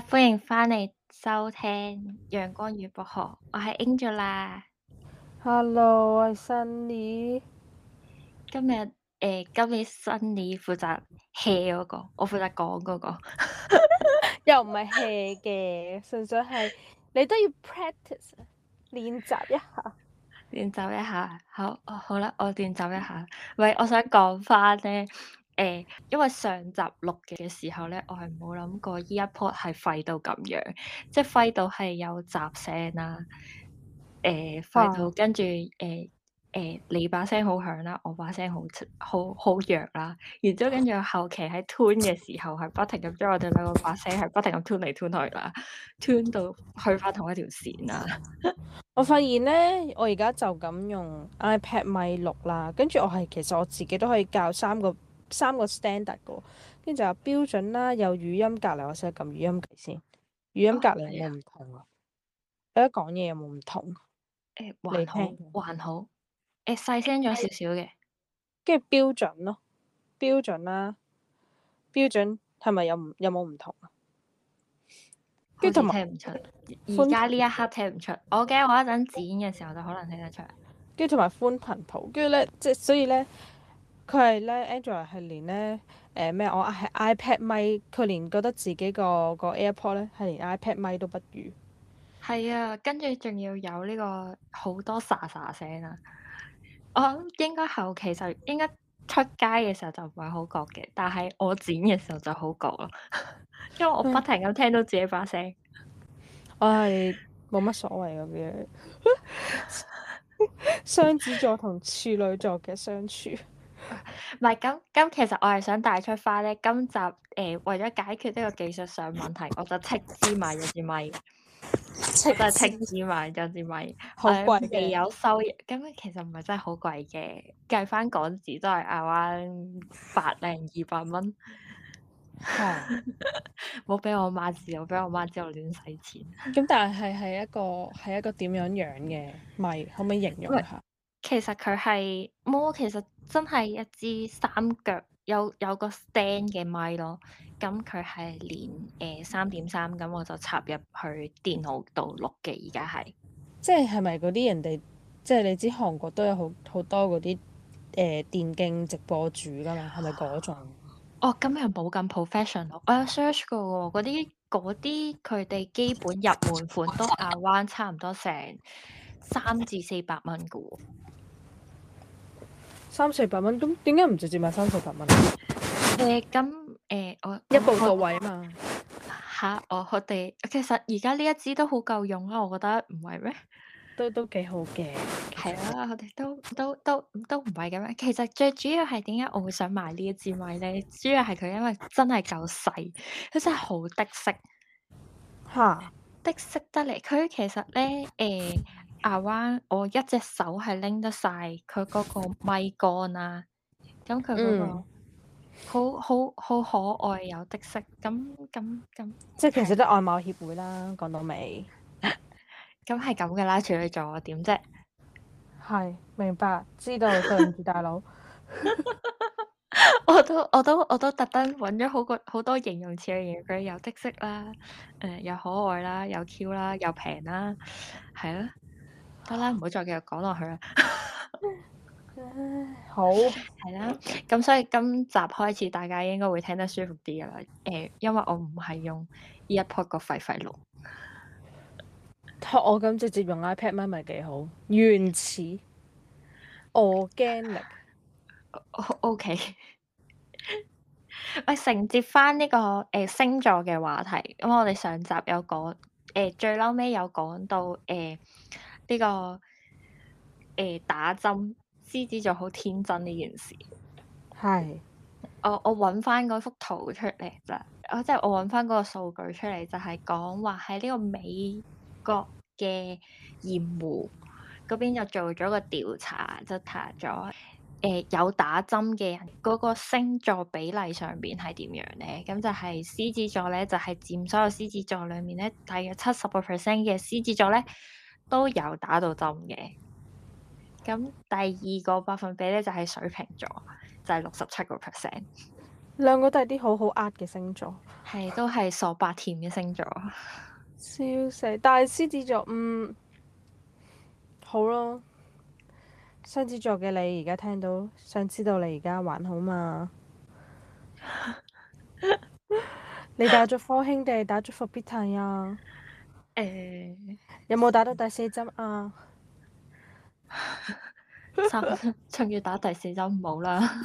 歡迎翻嚟收聽《陽光與薄荷》，我係 Angela 啦。Hello，我係 Sunny 今，呃。今日誒，今日 Sunny 負責 hea 嗰，那個，我負責講嗰，那個， 又唔係 hea 嘅，純粹係你都要 practice 練習一下，練習一下，好，好啦，我練習一下，喂，我想講翻咧。誒、欸，因為上集錄嘅時候咧，我係冇諗過依一 part 係廢到咁樣，即係廢到係有雜聲啦、啊。誒、欸，廢到、啊、跟住誒誒，你把聲好響啦，我把聲好好好弱啦。然之後跟住後期喺 tune 嘅時候，係不停咁將 我哋兩個把聲係不停咁 tune 嚟 tune 去啦 tune 到去翻同一條線啦。 我發現咧，我而家就咁用 iPad 咪錄啦，跟住我係其實我自己都可以教三個。三個 standard 嘅，跟住就係標準啦。有語音隔離，我先撳語音計先。語音隔離有冇唔同，哦、同啊？有得講嘢有冇唔同？誒還好，聽還好。誒細聲咗少少嘅，跟住標準咯，標準啦，標準係咪有有冇唔同啊？跟住同埋聽唔出，而家且呢寬 Another. 一刻聽唔出。我驚我一陣剪嘅時候就可能聽得出。跟住同埋寬頻譜，跟住咧即係所以咧。佢係咧 Android 係連咧誒咩？我係 iPad 麥，佢連覺得自己個個 AirPod 咧係連 iPad 麥都不如。係啊，跟住仲要有呢個好多沙沙聲啊！我諗應該後期就應該出街嘅時候就唔係好覺嘅，但係我剪嘅時候就好覺咯，因為我不停咁聽到自己把聲。我係冇乜所謂噉樣。 雙子座同處女座嘅相處。唔係，咁咁其實我係想帶出翻咧，今集誒、呃、為咗解決呢個技術上問題，我就斥資買咗支咪， 我就斥資買一支咪，好貴嘅，啊、未有收益。咁其實唔係真係好貴嘅，計翻港紙都係阿彎百零二百蚊，吓，唔好俾我媽知道，俾我媽知道亂使錢。咁但係係一個係一個點樣樣嘅咪，可唔可以形容下？其實佢係魔，其實真係一支三腳有有個 stand 嘅咪咯。咁佢係連誒三點三，咁我就插入去電腦度錄嘅。而家係，即係係咪嗰啲人哋，即係你知韓國都有好好多嗰啲誒電競直播主噶嘛？係咪嗰種？哦，咁又冇咁 professional。我有 search 過喎，嗰啲啲佢哋基本入門款都亞彎差唔多成三至四百蚊噶三四百蚊，咁點解唔直接買三四百蚊？誒、uh，咁、呃、誒，我，我一步到位啊嘛！嚇，我我哋其實而家呢一支都好夠用啊，我覺得唔係咩？都都幾好嘅。係 啊，我哋都都都都唔係咁樣。其實最主要係點解我會想買一呢一支咪咧？主要係佢因為真係夠細，佢真係好的式。嚇！的式得嚟，佢其實咧誒。呃阿彎、啊，我一隻手係拎得晒佢嗰個咪杆啊。咁佢嗰個、嗯、好好好可愛，有的色，咁咁咁，即係平時都外貌協會啦。講到尾，咁係咁嘅啦，處女座點啫？係明白，知道對唔住大佬哥， 我都我都我都特登揾咗好個好多形容詞嘅嘢。佢，有的色啦，誒、呃、又可愛啦，又 Q 啦，又平啦，係啦。 得啦，唔好再繼續講落去啦。好係啦，咁所以今集開始，大家應該會聽得舒服啲啦。誒、欸，因為我唔係用一 pot 個廢廢錄，托我咁直接用 iPad 咩？咪幾好？原始，organic。OK，我、 呃、承接翻呢、這個誒、呃、星座嘅話題。咁、嗯、我哋上集有講，誒、呃、最嬲尾有講到誒。呃呢、這個誒、呃、打針獅子座好天真呢件事，係是我我揾翻嗰幅圖出嚟咋，我即係我揾翻嗰個數據出嚟，就係講話喺呢個美國嘅鹽湖嗰邊就做咗個調查，就查咗誒有打針嘅人嗰、那個星座比例上邊係點樣咧？咁就係獅子座咧，就係、是、佔所有獅子座裡面咧，大約七十個 percent 嘅獅子座咧。都有打到針嘅，咁第二個百分比咧就係、是、水瓶座，就係六十七個 percent。兩個都係啲好好呃嘅星座，係都係傻白甜嘅星座。笑死！但係獅子座，嗯，好咯。雙子座嘅你而家聽到，想知道你而家還好嘛？ 你打咗科興定，打咗復必泰啊！誒，uh, 有冇打到第四針啊？差仲 要打第四針冇啦。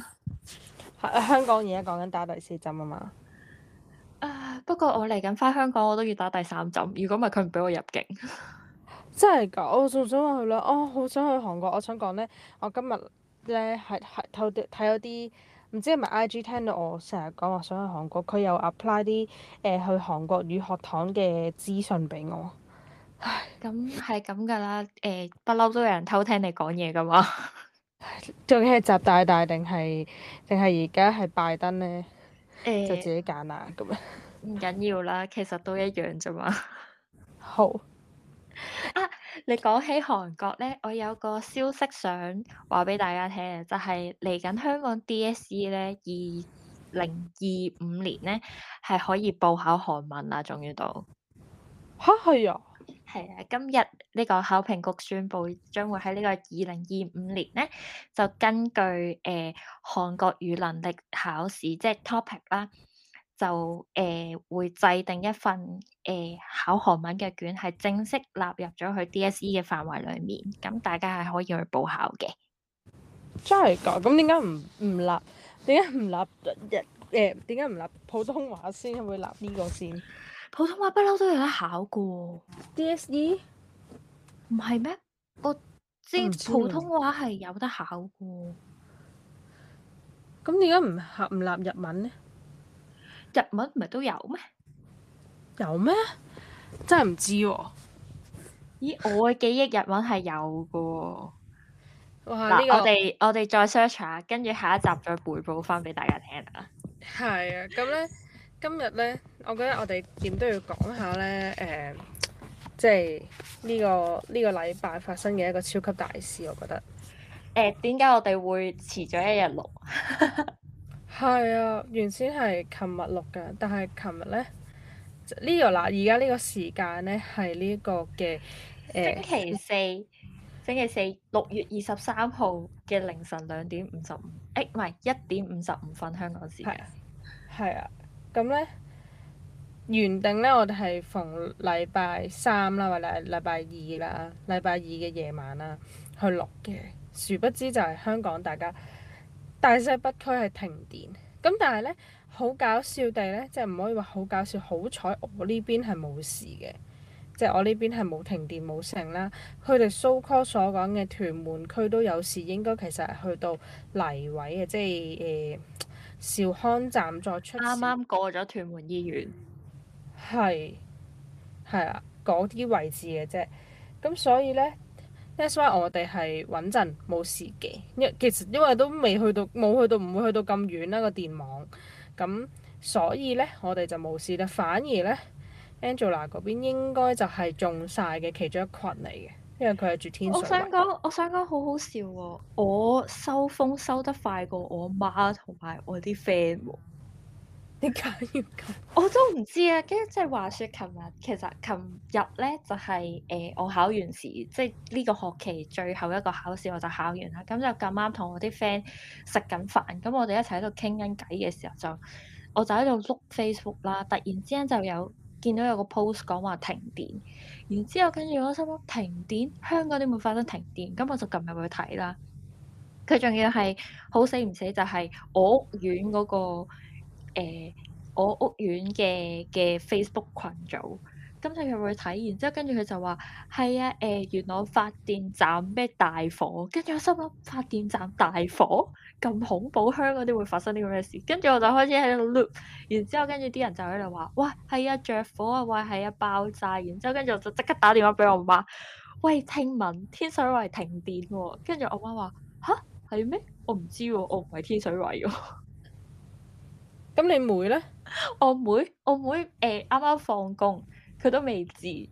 香港而家講緊打第四針啊嘛。啊，uh, 不過我嚟緊返香港，我都要打第三針。如果唔係，佢唔俾我入境。 真係噶，我仲想話佢啦。我、哦、好想去韓國。我想講咧，我今日咧係係睇睇有啲。唔知係咪 I G 聽到我成日講話想去韓國，佢又 apply 啲誒、呃、去韓國語學堂嘅資訊俾我。唉，咁係咁㗎啦，誒不嬲都有人偷聽你講嘢㗎嘛。究竟係習大大定係定係而家係拜登咧？欸、就自己揀啦咁樣。唔緊要啦，其實都一樣啫嘛。好。啊！你講起韓國咧，我有個消息想話俾大家聽啊，就係嚟緊香港 DSE 咧，二零二五年咧係可以報考韓文啦，仲要到吓係啊，係啊！今日呢個考評局宣布，將會喺呢個二零二五年咧，就根據誒呃、韓國語能力考試即係 topic 啦、啊。就誒、呃、會制定一份誒、呃、考韓文嘅卷，係正式納入咗去 DSE 嘅範圍裏面，咁大家係可以去報考嘅。真係噶，咁點解唔唔立？點解唔立日誒？點解唔立普通話先？會立呢個先？普通話不嬲都有得考噶，DSE 唔係咩？我知，知普通話係有得考噶。咁點解唔合唔立日文呢？日文唔係都有咩？有咩？真係唔知喎、啊。咦，我嘅記憶日文係有嘅。哇！嗱那、這個，我哋我哋再 search 下，跟住下一集再回報返俾大家聽啊。係啊，咁咧今日咧，我覺得我哋點都要講下咧，誒、呃，即係呢個呢、這個禮拜發生嘅一個超級大事，我覺得。誒、呃，點解我哋會遲咗一日錄？ 係啊，原先係琴日錄㗎，但係琴日咧呢、這個嗱，而家呢個時間咧係呢個嘅、呃、星期四，星期四六月二十三號嘅凌晨兩點五十五，誒唔係一點五十五分、嗯、香港時間，係啊，咁咧、啊、原定咧我哋係逢禮拜三啦，或者禮拜二啦，禮拜二嘅夜晚啦去錄嘅，殊不知就係香港大家，大西北區係停電，咁但係咧好搞笑地咧，即係唔可以話好搞笑，好彩我呢邊係冇事嘅，即係我呢邊係冇停電冇成啦。佢哋 so call 所講嘅屯門區都有事，應該其實係去到泥圍啊，即係誒兆康站再出。啱啱過咗屯門醫院。係。係啊，嗰啲位置嘅啫，咁所以咧。That's why 我哋係穩陣冇事嘅，因為其實因為都未去到冇去到唔會去到咁遠啦個電網，咁所以咧我哋就冇事啦。反而咧 Angela 嗰邊應該就係中晒嘅其中一群嚟嘅，因為佢係住天水圍我想講，我想講好好笑喎、啊！我收風收得快過我媽同埋我啲 friend 喎。點解要咁？我都唔知啊。跟住即係話說，琴日其實琴日咧就係、是、誒、呃，我考完試，即係呢個學期最後一個考試，我就考完啦。咁就咁啱同我啲 friend 食緊飯，咁我哋一齊喺度傾緊偈嘅時候就，就我就喺度碌 Facebook 啦。突然之間就有見到有個 post 講話停電，然之後跟住我心諗停電，香港點會發生停電？咁我就撳入去睇啦。佢仲要係好死唔死，就係我屋苑嗰、那個。誒、呃，我屋苑嘅嘅 Facebook 羣組，咁佢入睇，然之後跟住佢就話：係啊，誒、呃，元朗發電站咩大火，跟住我心諗發電站大火，咁恐怖，鄉嗰啲會發生啲咁嘅事。跟住我就開始喺度 loop，然之後跟住啲人就喺度話：哇，係啊，着火啊，喂，係啊，爆炸。然之後跟住我就即刻打電話俾我媽：喂，聽聞天水圍停電喎、啊。跟住我媽話：吓？係咩？我唔知喎、啊，我唔係天水圍喎、啊。 咁你妹咧？我妹，我妹，誒、呃，啱啱放工，佢都未知。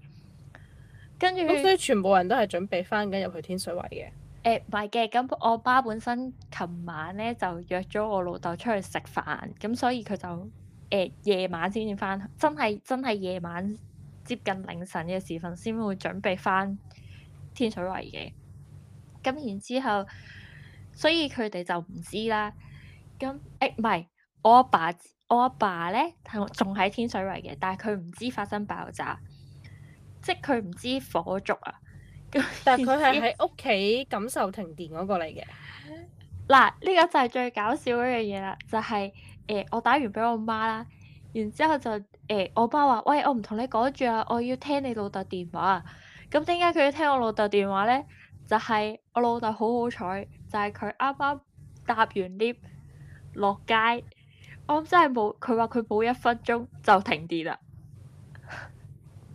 跟住，咁所以全部人都係準備翻緊入去天水圍嘅。誒、呃，唔係嘅，咁我爸本身琴晚咧就約咗我老豆出去食飯，咁所以佢就誒夜、呃、晚先至翻，真係真係夜晚接近凌晨嘅時分先會準備翻天水圍嘅。咁然之後，所以佢哋就唔知啦。咁誒唔係。欸我阿爸，爸，我阿爸咧，係仲喺天水圍嘅，但係佢唔知發生爆炸，即係佢唔知火燭啊。但係佢係喺屋企感受停電嗰個嚟嘅。嗱，呢、這個就係最搞笑嗰樣嘢啦，就係、是、誒、欸，我打完俾我媽啦，然之後就誒、欸，我媽話：喂，我唔同你講住啊，我要聽你老豆電話啊。咁點解佢要聽我老豆電話咧？就係、是、我老豆好好彩，就係佢啱啱搭完 lift 落街。我、哦、真係冇，佢話佢冇一分鐘就停電啦。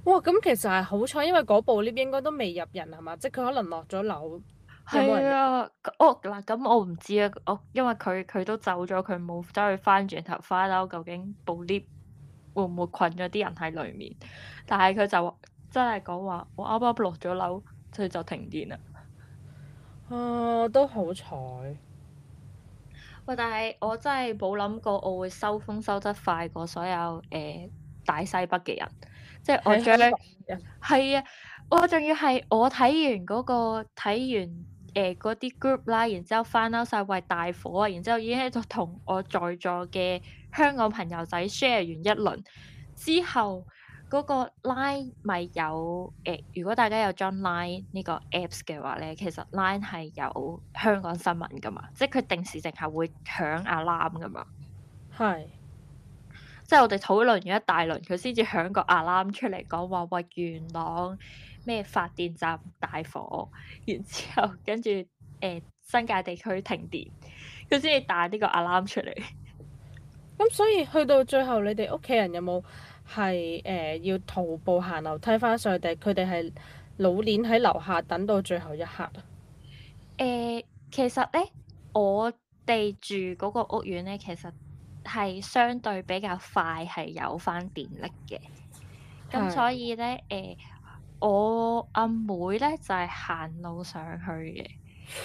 哇，咁、嗯、其實係好彩，因為嗰部 lift 應該都未入人係嘛？即係佢可能落咗樓。係啊，哦，嗱咁我唔知啊，哦，因為佢佢都走咗，佢冇走去翻轉頭翻樓，究竟部 lift 會唔會困咗啲人喺裏面？但係佢就真係講話，我啱啱落咗樓，佢就停電啦。啊，都好彩。但係我真係冇諗過我會收風收得快過所有誒、呃、大西北嘅人，即係我仲要係啊！我仲要係我睇完嗰、嗰個睇完誒嗰啲 group 啦，然之後翻撈曬為大火啊，然之後已經喺度同我在座嘅香港朋友仔 share 完一輪之後。嗰個 Line 咪有誒、呃，如果大家有 j 裝 Line 呢個 Apps 嘅話咧，其實 Line 係有香港新聞噶嘛，即係佢定時淨係會響 alarm 噶嘛。係是，即係我哋討論完一大輪，佢先至響個 alarm 出嚟講話喂，元朗咩發電站大火，然之後跟住誒新界地區停電，佢先至打呢個 alarm 出嚟。咁所以去到最後，你哋屋企人有冇？係誒、呃、要徒步行樓梯返上去，佢哋係老年喺樓下等到最後一刻啊！誒、呃，其實咧，我哋住嗰個屋苑咧，其實係相對比較快係有翻電力嘅，咁是所以咧誒、呃，我阿妹咧就係、是、行路上去嘅，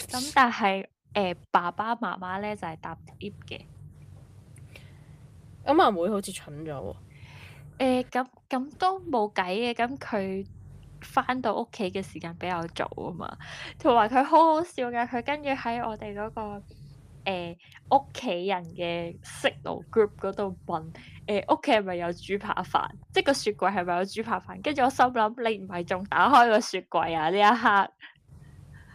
咁 但係誒、呃、爸爸媽媽咧就係、是、搭 lift 嘅。咁阿妹好似蠢咗喎！誒，咁咁、欸、都冇計嘅，咁佢返到屋企嘅時間比較早啊嘛，同埋佢好好笑嘅，佢跟住喺我哋嗰、那個誒屋企人嘅 signal group 嗰度問，誒屋企係咪有豬扒飯？即係個雪櫃係咪有豬扒飯？跟住我心諗，你唔係仲打開個雪櫃啊？呢一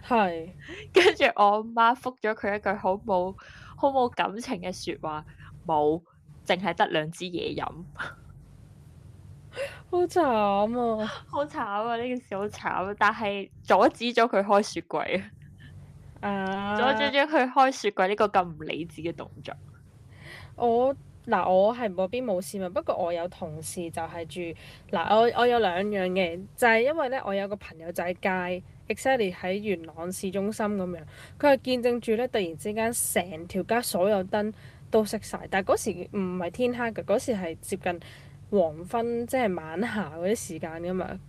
刻，係是跟住我媽復咗佢一句好冇好冇感情嘅說話，冇，淨係得兩支嘢飲。好慘啊！好慘 啊！呢件事好慘，但係阻止咗佢開雪櫃啊！Uh, 阻止咗佢開雪櫃呢、這個咁唔理智嘅動作。我嗱，我係嗰邊冇事嘛，不過我有同事就係住嗱，我我有兩樣嘅，就係、是、因為咧，我有個朋友就喺街，exactly 喺元朗市中心咁樣，佢係見證住咧，突然之間成條街所有燈都熄晒，但係嗰時唔係天黑嘅，嗰時係接近。黃昏即係晚霞嗰啲時間㗎嘛，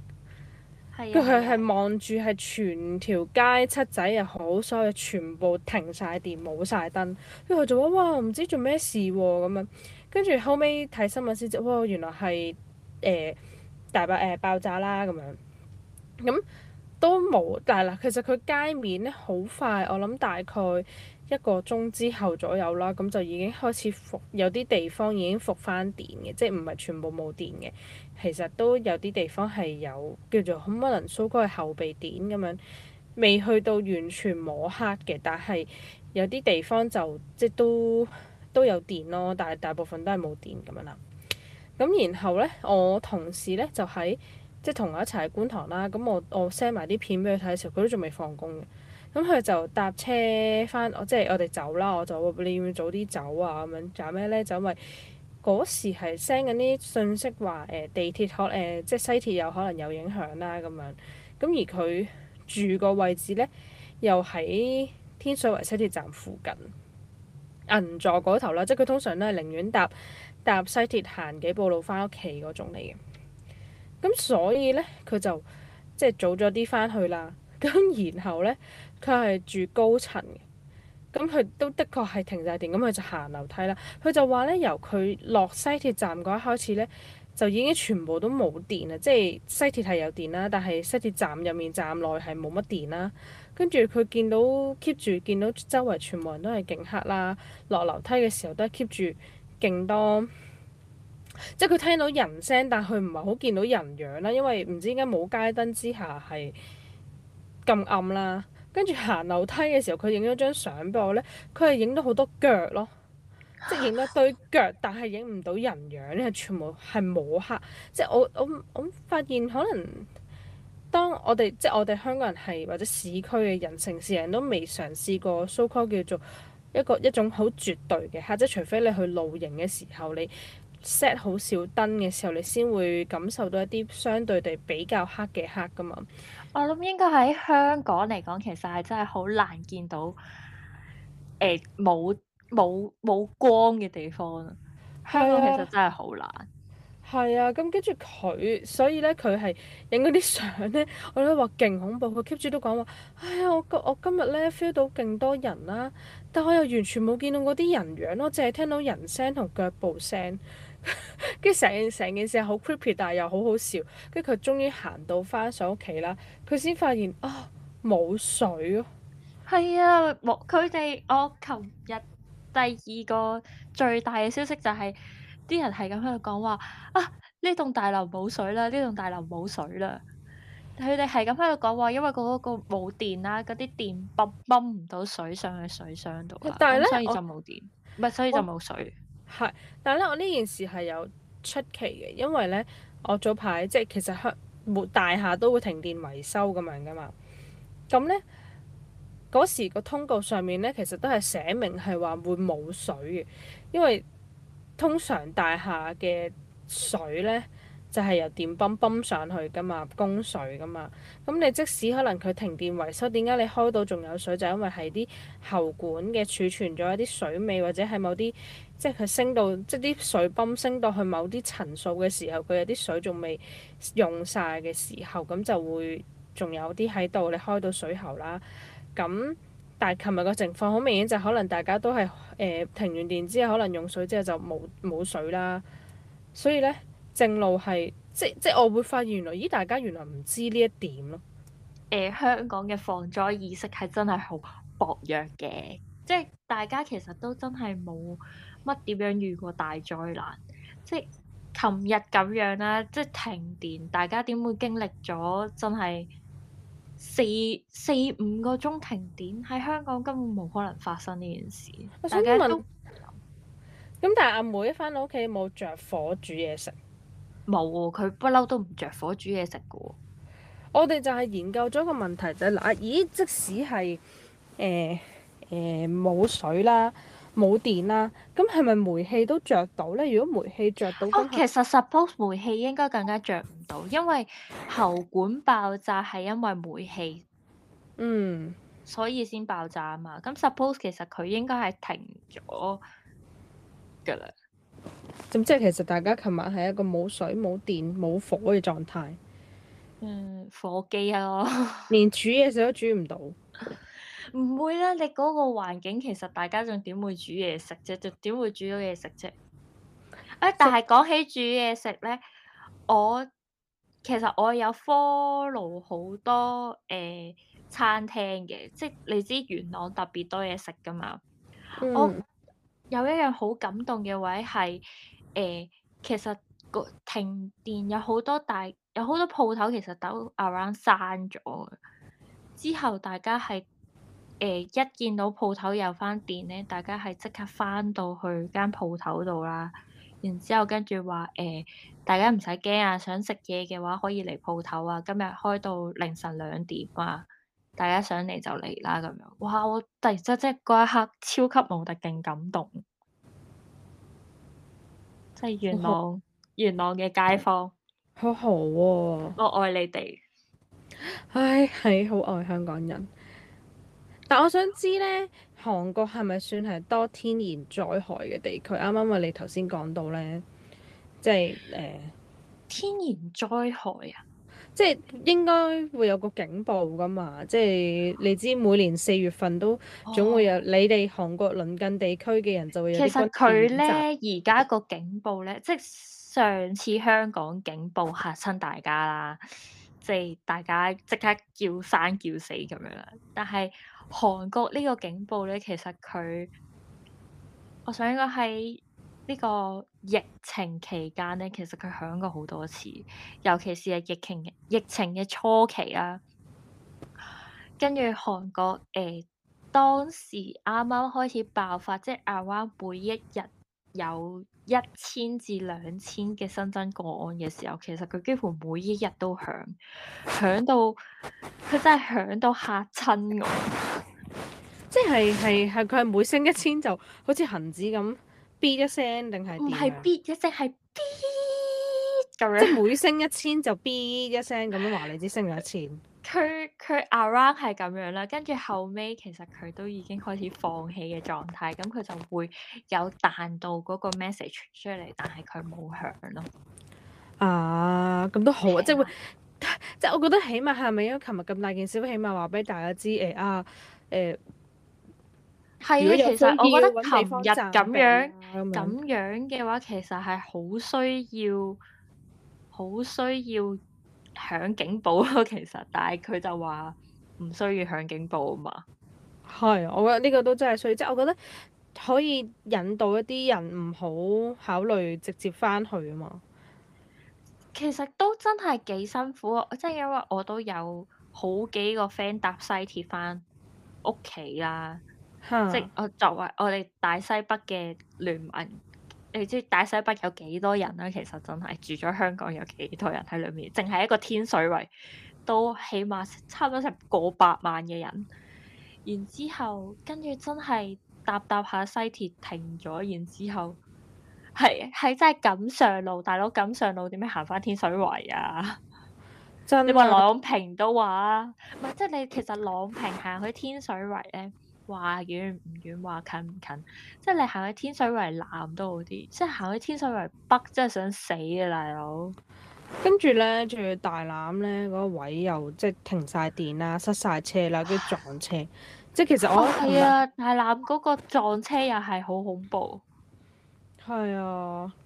跟住佢係望住係全條街七仔又好，所以全部停晒電，冇晒燈。跟住佢就話：哇，唔知做咩事喎、啊、咁樣。跟住後尾睇新聞先知，哇，原來係誒、呃、大爆誒、呃、爆炸啦咁樣。咁都冇，但係嗱，其實佢街面咧好快，我諗大概。一個鐘之後左右啦，咁就已經開始復有啲地方已經復翻電嘅，即係唔係全部冇電嘅，其實都有啲地方係有叫做可能蘇哥係後備電咁樣，未去到完全摸黑嘅，但係有啲地方就即係都都有電咯，但係大部分都係冇電咁樣啦。咁然後咧，我同事咧就喺即係同我一齊觀塘啦，咁我我 send 埋啲片俾佢睇嘅時候，佢都仲未放工嘅。咁佢、嗯、就搭車翻我，即係我哋走啦，我就話你要唔要早啲走啊？咁樣仲有咩咧？就因為嗰時係 send 緊啲信息話誒、呃、地鐵可誒、呃、即係西鐵有可能有影響啦、啊、咁樣。咁而佢住個位置咧，又喺天水圍西鐵站附近銀座嗰頭啦，即係佢通常都係寧願搭搭西鐵行幾步路翻屋企嗰種嚟嘅。咁、嗯、所以咧，佢就即係早咗啲翻去啦。咁、嗯、然後咧。佢係住高層嘅，咁佢都的確係停晒電，咁佢就行樓梯啦。佢就話咧，由佢落西鐵站嗰一開始咧，就已經全部都冇電啦。即係西鐵係有電啦，但係西鐵站入面站內係冇乜電啦。跟住佢見到 keep 住見到周圍全部人都係勁黑啦。落樓梯嘅時候都係 keep 住勁多，即係佢聽到人聲，但係佢唔係好見到人樣啦，因為唔知點解冇街燈之下係咁暗啦。跟住行樓梯嘅時候，佢影咗張相俾我咧，佢係影到好多腳咯，即係影咗堆腳，但係影唔到人樣，咧係全部係冇黑。即係我我我發現可能，當我哋即係我哋香港人係或者市區嘅人，城市人都未嘗試過所 l 叫做一個一種好絕對嘅，或者除非你去露營嘅時候你。Set 好少燈嘅時候，你先會感受到一啲相對地比較黑嘅黑噶嘛。我諗應該喺香港嚟講，其實係真係好難見到誒冇冇冇光嘅地方咯。香港、啊、其實真係好難。係啊，咁跟住佢，所以咧佢係影嗰啲相咧，我都話勁恐怖。佢 keep 住都講話，哎呀，我我今日咧 feel 到勁多人啦、啊，但我又完全冇見到嗰啲人樣咯，淨係聽到人聲同腳步聲。跟住成件成件事好 creepy，但係又好好笑。跟住佢終於行到翻上屋企啦，佢先發現啊冇、哦、水。係啊，冇佢哋。我琴日第二個最大嘅消息就係、是、啲人係咁喺度講話啊，呢棟大樓冇水啦，呢棟大樓冇水啦。佢哋係咁喺度講話，因為嗰、那個冇電啦，嗰啲電泵泵唔到水上去水箱度啦，咁所以就冇電，唔係我所以就冇水。係，但係咧，我呢件事係有出奇嘅，因為咧，我早排即係其實香沒大廈都會停電維修咁樣噶嘛。咁咧嗰時個通告上面咧，其實都係寫明係話會冇水嘅，因為通常大廈嘅水咧就係、係、由電泵泵上去噶嘛，供水噶嘛。咁你即使可能佢停電維修，點解你開到仲有水？就係、因為係啲喉管嘅儲存咗一啲水味，或者係某啲。即係佢升到，即係啲水泵升到去某啲層數嘅時候，佢有啲水仲未用晒嘅時候，咁就會仲有啲喺度。你開到水喉啦，咁但係琴日個情況好明顯，就可能大家都係誒、呃、停完電之後，可能用水之後就冇冇水啦。所以呢，正路係即即係我會發現，原來咦，大家原來唔知呢一點咯。誒、呃，香港嘅防災意識係真係好薄弱嘅，即係大家其實都真係冇。乜點樣遇過大災難？即係琴日咁樣啦，即係停電，大家點會經歷咗真係四四五個鐘停電？喺香港根本冇可能發生呢件事。我想問，咁但係阿妹翻到屋企冇着火煮嘢食，冇喎、啊，佢不嬲都唔着火煮嘢食嘅喎。我哋就係研究咗個問題就係，啊咦，即使係誒誒冇水啦。冇電啦、啊，咁係咪煤氣都着到咧？如果煤氣着到、那個，咁、哦、其實 suppose 煤氣應該更加着唔到，因為喉管爆炸係因為煤氣，嗯，所以先爆炸啊嘛。咁 suppose 其實佢應該係停咗㗎啦。咁即係其實大家琴日係一個冇水、冇電、冇火嘅狀態。嗯，火機啊， 連煮嘢食都煮唔到。唔會啦，你嗰個環境其實大家仲點會煮嘢食啫，就點會煮到嘢食啫？誒、欸，但係講起煮嘢食呢，我其實我有 follow 好多誒、呃、餐廳嘅，即你知元朗特別多嘢食㗎嘛。嗯、我有一樣好感動嘅位係誒、呃，其實個停電有好多大有好多鋪頭，其實都 around 閂咗嘅。之後大家係。誒、欸、一見到鋪頭有返電咧，大家係即刻返到去間鋪頭度啦。然之後跟住話誒，大家唔使驚啊，想食嘢嘅話可以嚟鋪頭啊。今日開到凌晨兩點啊，大家想嚟就嚟啦咁樣。哇！我突然之即係嗰一刻，超級無敵勁感動，即係元朗好好元朗嘅街坊，好好喎、哦。我愛你哋。唉、哎，係好愛香港人。但我想知咧，韓國係咪算係多天然災害嘅地區？啱啱啊，你頭先講到咧，即係誒天然災害啊，即係應該會有個警報㗎嘛。即係你知每年四月份都總會有，你哋韓國鄰近地區嘅人就會有啲選、哦、其實佢咧而家個警報咧，即係上次香港警報嚇親大家啦。即係大家即刻叫生叫死咁樣啦，但係韓國呢個警報咧，其實佢我想講喺呢個疫情期間咧，其實佢響過好多次，尤其是係疫情疫情嘅初期啦、啊，跟住韓國誒、呃、當時啱啱開始爆發，即係亞灣每一日，有一千至兩千嘅新增個案嘅時候，其實佢幾乎每一日都響，響到佢真係響到嚇親我。 即係係係佢係每升一千就好似恒指咁嗶一聲，定係唔係嗶一聲，係嗶咁樣。樣 即係每升一千就嗶一聲咁樣話你知升咗一千。佢佢 around 係咁樣啦，跟住後尾其實佢都已經開始放棄嘅狀態，咁佢就會有彈到嗰個 message 出嚟，但係佢冇響咯。啊，咁都好啊，的即係會，即係我覺得起碼係咪因為琴日咁大件事，起碼話俾大家知誒啊誒，係、呃、啊、呃，其實我覺得琴日咁樣咁、啊、樣嘅話，其實係好需要，好需要。響警報咯，其實，但係佢就話唔需要響警報啊嘛。係，我覺得呢個都真係需要。即係我覺得可以引導一啲人唔好考慮直接翻去啊嘛。其實都真係幾辛苦、啊，即、就、係、是、因為我都有好幾個 friend 搭西鐵翻屋企啦，啊、 即係我作為我哋大西北嘅聯盟。你知大西北有幾多人啦、啊？其實真係住咗香港有幾多人喺裏面，淨係一個天水圍都起碼差唔多成個百萬嘅人。然之後跟住真係搭搭下西鐵停咗，然之後係係真係錦上路，大佬錦上路點樣行翻天水圍啊？的你話朗平都話唔係，即係你其實朗平行去天水圍咧。話遠唔遠，話近唔近，即係你行去天水圍南都好啲，即係行去天水圍北，真係想死嘅大佬！跟住呢，仲要大欖呢嗰、嗰個、位又即係停晒電啦，塞晒車啦，跟住撞車， 即係其實我係、哦、啊，大欖嗰個撞車又係好恐怖。係啊、哎，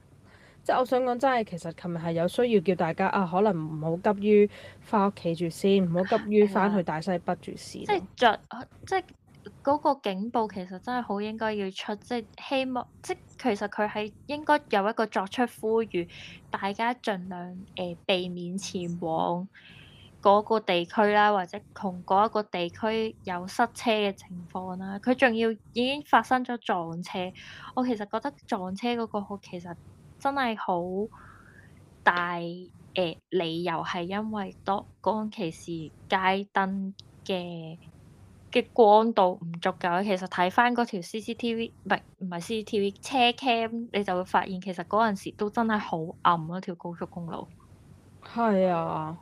即係我想講，真係其實琴日係有需要叫大家啊，可能唔好急於翻屋企住先，唔好 急於翻去大西北住先。 即係著，即係。嗰個警報其實真係好應該要出，即、就是、希望，即、就是、其實佢係應該有一個作出呼籲，大家儘量、呃、避免前往嗰個地區啦，或者同嗰一個地區有塞車嘅情況啦。佢仲要已經發生咗撞車，我其實覺得撞車嗰個好、其實真係好大、呃、理由係因為當其時街燈嘅。嘅光度唔足夠，其實睇翻嗰條 CCTV 唔係，唔係 CCTV 車 cam，你就會發現其實嗰陣時都真係好暗嗰條高速公路。係啊，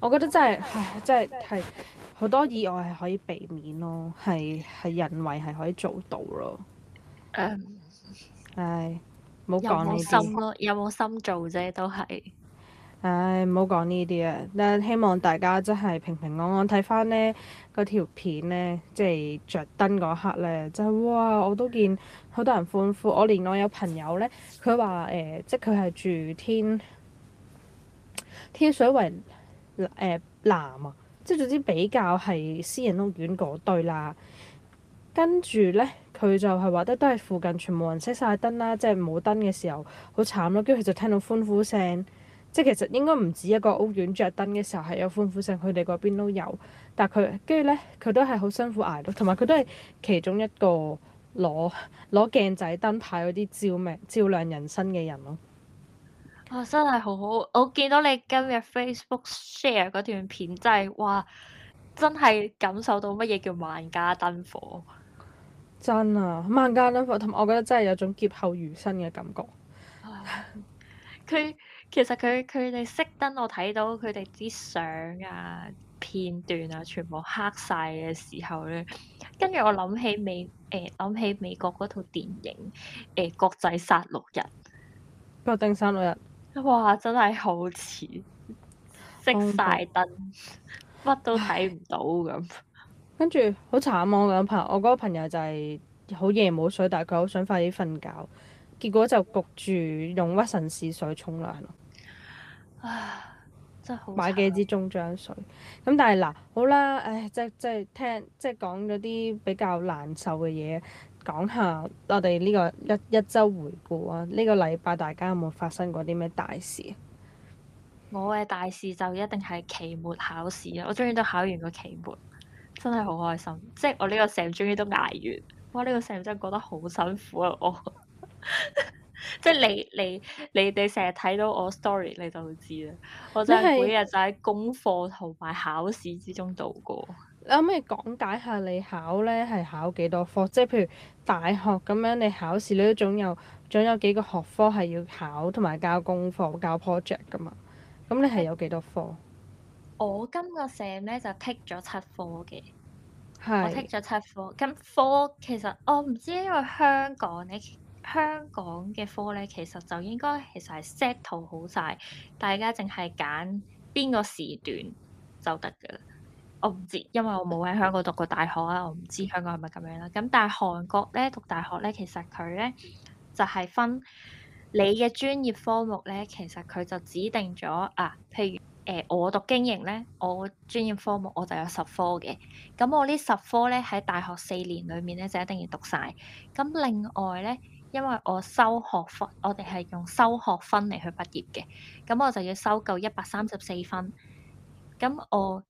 我覺得真係，唉，真係係好多意外係可以避免咯，係係人為係可以做到咯。誒，um, 唉，冇講呢啲。有冇心？有冇心做啫？都係。唉，唔好講呢啲啊！但希望大家真係平平安安呢。睇翻咧嗰條片咧，即係着燈嗰刻咧，真係哇！我都見好多人歡呼。我連我有朋友咧，佢話誒，即佢係住天天水圍誒南啊，即係總之比較係私人屋苑嗰堆啦。跟住咧，佢就係話得都係附近全部人熄晒燈啦，即係冇燈嘅時候好慘咯。跟住佢就聽到歡呼聲。即係其實應該唔止一個屋苑着燈嘅時候係有歡呼聲，佢哋嗰邊都有。但係佢跟住咧，佢都係好辛苦捱到，同埋佢都係其中一個攞攞鏡仔燈牌嗰啲照明照亮人生嘅人咯。啊、哦！真係好好，我見到你今日 Facebook share 嗰段片真係哇，真係感受到乜嘢叫萬家燈火。真啊，萬家燈火，同埋我覺得真係有種劫後餘生嘅感覺。佢、啊。其實佢佢哋熄燈，我睇到佢哋啲相啊片段啊，全部黑晒嘅時候咧，跟住我諗起美誒諗、呃、起美國嗰套電影誒國際殺戮日，國際殺戮日，哇真係好似熄晒燈，乜、oh, oh. 都睇唔到咁。跟住好慘啊！我嗰朋，我嗰個朋友就係好夜冇水，但係佢好想快啲瞓覺，結果就焗住用屈臣氏水沖涼。真係好買幾支中漿水，咁但係嗱，好啦，唉，即係即係聽即係講咗啲比較難受嘅嘢，講下我哋呢個一一周回顧啊，呢個禮拜大家有冇發生過啲咩大事？我嘅大事就一定係期末考試啊！我終於都考完個期末，真係好開心，即係我呢個成終於都捱完，哇！呢個成真係過得好辛苦啊我。 即係你你你哋成日睇到我 story，你就會知啦。我真係每日就喺功課同埋考試之中度過。你可唔可以講解下你考咧係考幾多科？即係譬如大學咁樣，你考試你都總有總有幾個學科係要考，同埋交功課、交 project 噶嘛？咁你係有幾多科是？我今個 semester 就剔咗七科嘅，我剔咗七科。咁科其實我唔知，因為香港咧。香港嘅科咧，其實就應該其實係 set 好晒，大家淨係揀邊個時段就得㗎喇。我唔知，因為我冇喺香港讀過大學啊，我唔知香港係咪咁樣啦。咁但係韓國咧讀大學咧，其實佢咧就係、係、分你嘅專業科目咧，其實佢就指定咗啊。譬如誒、呃，我讀經營咧，我專業科目我就有十科嘅。咁我呢十科咧喺大學四年裡面咧就一定要讀晒。咁另外咧。因為我修學分，我哋係用修學分嚟去畢業嘅，咁我就要收夠一百三十四分。咁我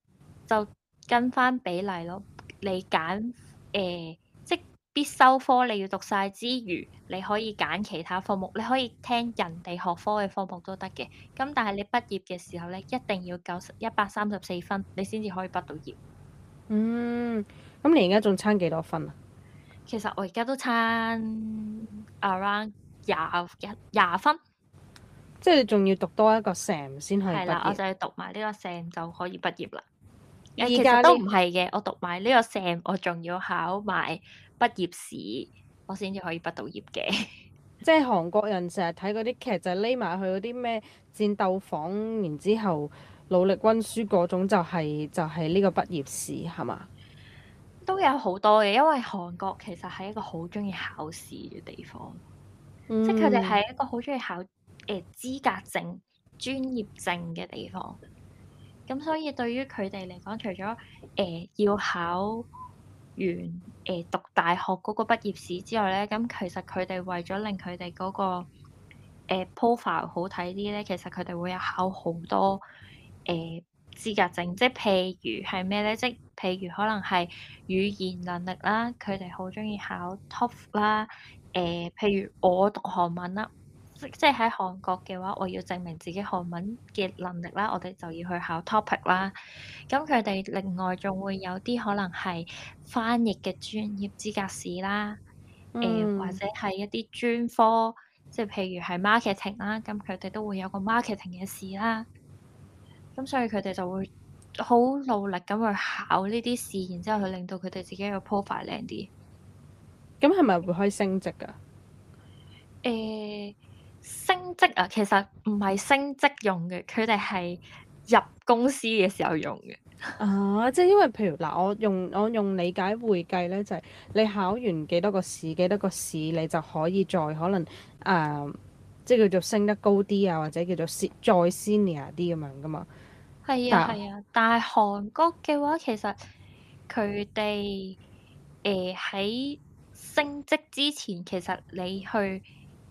就跟翻比例咯。你揀誒、呃，即必修科你要讀晒之餘，你可以揀其他科目，你可以聽人哋學科嘅科目都得嘅。咁但係你畢業嘅時候呢，一定要夠一百三十四分，你先至可以畢到業。嗯，咁你而家仲差幾多分啊？其實我而家都差。around 廿一廿分，即係你仲要讀多一個 sam 先去。係啦，我就係讀埋呢個 sam 就可以畢業啦。而家其實都唔係嘅，我讀埋呢個 sam，我仲要考埋畢業試，我先至可以畢到業嘅。即係韓國人成日睇嗰啲劇就係匿埋去嗰啲咩戰鬥房，然之後努力温書嗰種、就係，就係就係呢個畢業試係嘛？都有好多嘅，因為韓國其實係一個好中意考試嘅地方，嗯、即係佢哋係一個好中意考誒、呃、資格證、專業證嘅地方。咁所以對於佢哋嚟講，除咗誒、呃、要考完誒、呃、讀大學嗰個畢業試之外咧，咁其實佢哋為咗令佢哋嗰個 profile、呃、好睇啲咧，其實佢哋會有考好多誒、呃、資格證，即係譬如係咩咧，即係。譬如可能係語言能力啦，佢哋好中意考 TOEFL 啦。誒、呃，譬如我讀韓文啦，即係喺韓國嘅話，我要證明自己韓文嘅能力啦，我哋就要去考 TOPIK 啦。咁佢哋另外仲會有啲可能係翻譯嘅專業資格試啦，誒、嗯呃、或者係一啲專科，即係譬如係 marketing 啦，咁佢哋都會有個 marketing 嘅試啦。咁所以佢哋就會，好努力咁去考呢啲試，然之後去令到佢哋自己個 profile 靚啲。咁係咪會可以升職㗎？誒，升職啊，其實唔係升職用嘅，佢哋係入公司嘅時候用嘅。啊，即係因為譬如嗱，我用我用理解會計咧，就係、是、你考完幾多個試，幾多個試，你就可以再可能誒、呃，即係叫做升得高啲啊，或者叫做先再 senior 啲咁樣噶嘛。係啊，係啊，但係韓國嘅話，其實佢哋誒喺升職之前，其實你去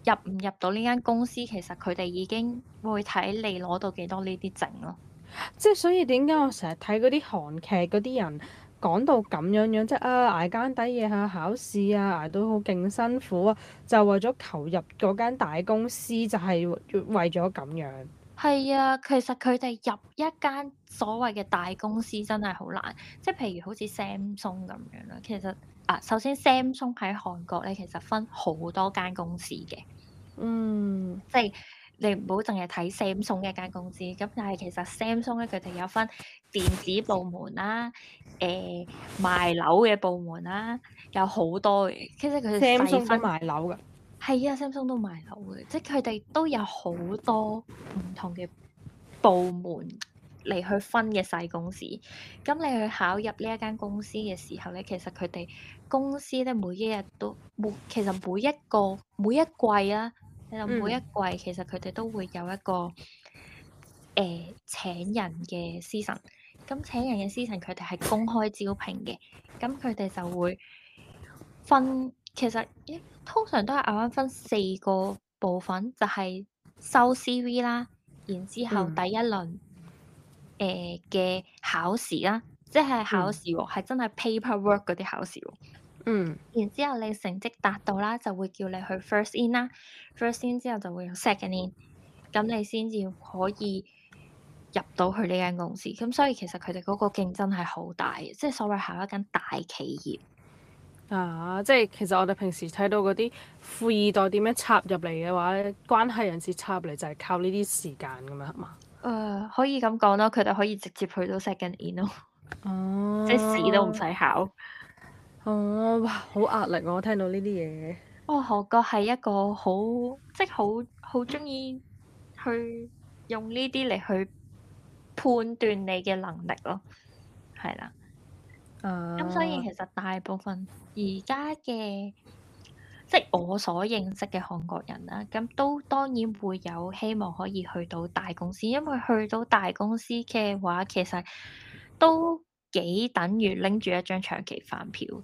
入唔入到呢間公司，其實佢哋已經會睇你攞到幾多呢啲證咯。即係所以點解我成日睇嗰啲韓劇嗰啲人講到咁樣樣，即係啊捱更抵夜啊，挨下考試啊，捱到好勁辛苦啊，就為咗求入嗰間大公司，就係、係、要為咗咁樣。係啊，其實佢哋入一間所謂嘅大公司真係好難，即係譬如好似 Samsung 咁樣啦。其實啊，首先 Samsung 喺韓國咧，其實分好多間公司嘅。嗯，即係你唔好淨係睇 Samsung 嘅間公司咁，但係其實 Samsung 咧，佢哋有分電子部門啦、啊，誒、欸、賣樓嘅部門啦、啊，有好多嘅。其實佢哋 Samsung 都賣樓㗎。係啊，Samsung 都賣樓嘅，即係佢哋都有好多唔同嘅部門嚟去分嘅細公司。咁你去考入呢一間公司嘅時候咧，其實佢哋公司咧，每一日都，每其實每一個每一季啦，就、嗯、每一季其實佢哋都會有一個誒、呃、請人嘅 season。咁請人嘅 season，佢哋係公開招聘嘅，咁佢哋就會分。其實通常都係啱啱分四個部分，就係、是、收 C.V 啦，然之後第一輪誒嘅考試啦，即係考試喎，係、嗯、真係 paperwork 嗰啲考試喎。嗯。然之後你成績達到啦，就會叫你去 first in 啦，first in 之後就會有 second in，咁你先至可以入到去呢間公司。咁所以其實佢哋嗰個競爭係好大嘅，即係所謂考一間大企業。啊！即係其實我哋平時睇到嗰啲富二代點樣插入嚟嘅話，關係人士插入嚟就係靠呢啲時間咁樣係嘛？誒，uh, 可以咁講咯，佢哋可以直接去到 second in 咯，uh, 即係試都唔使考。哦！Uh, 哇，好壓力、啊！我聽到呢啲嘢。哇、哦！韓國係一個好即係好好中意去用呢啲嚟去判斷你嘅能力咯、啊，係啦。咁、啊、所以其實大部分而家嘅，即、就、係、是、我所認識嘅韓國人啦、啊，咁都當然會有希望可以去到大公司，因為去到大公司嘅話，其實都幾等於拎住一張長期飯票，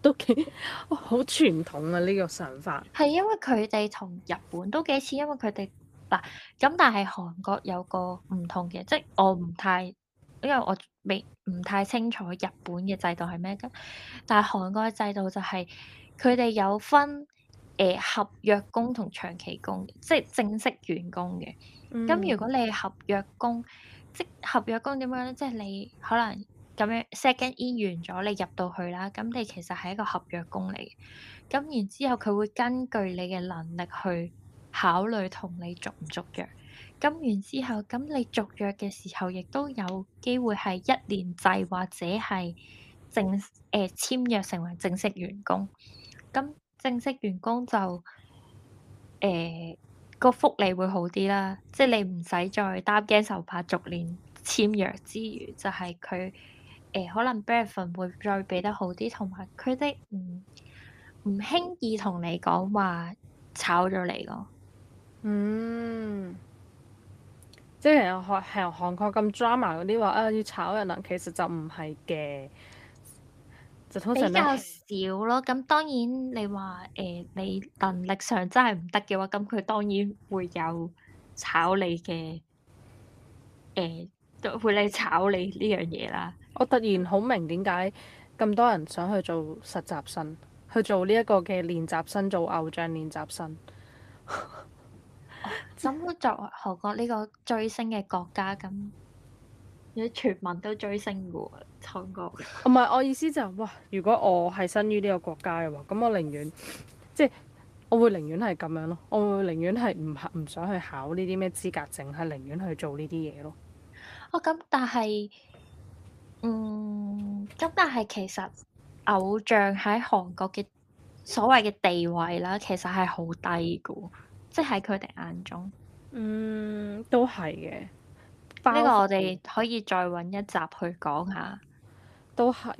都幾好傳統啊呢、這個想法。係 因為佢哋同日本都幾似，因為佢哋嗱咁，啊、但係韓國有個唔同嘅，即、就、係、是、我唔太。因為我未唔太清楚日本嘅制度係咩嘅，但係韓國嘅制度就係佢哋有分誒、呃、合約工同長期工，即係正式員工嘅。咁、嗯、如果你係合約工，即合約工點樣咧？即係你可能咁樣 second in 完咗，你入到去啦，咁你其實係一個合約工嚟。咁然之後佢會根據你嘅能力去考慮同你續唔續約。咁完之後，咁你續約嘅時候，亦都有機會係一年制或者係正誒、呃、簽約成為正式員工。咁、嗯、正式員工就誒、呃個福利會好啲啦，即係你唔使再擔驚受怕逐年簽約之餘，就係佢誒可能 benefit 會再俾得好啲，同埋佢哋唔唔輕易同你講話炒咗你咯。嗯。即係有學係韓國咁 drama 嗰啲話啊要炒人啊，其實就唔係嘅，就通常比較少咯。咁當然你話誒、呃、你能力上真係唔得嘅話，咁佢當然會有炒你嘅誒、呃，會你炒你呢樣嘢啦。我突然好明點解咁多人想去做實習生，去做呢一個嘅練習生，做偶像練習生。 咁作為韓國呢個追星嘅國家，咁啲全民都追星嘅喎，韓國。唔係，我意思就係哇，如果我係生於呢個國家嘅話，咁我寧願即係我會寧願係咁樣咯，我會寧願係唔唔想去考呢啲咩資格證，係寧願去做呢啲嘢咯。哦，咁但係，嗯，咁、嗯、但係其實偶像喺韓國嘅所謂嘅地位啦，其實係好低嘅。即係佢哋眼中，嗯，都係嘅。呢個我哋可以再揾一集去講下，都係。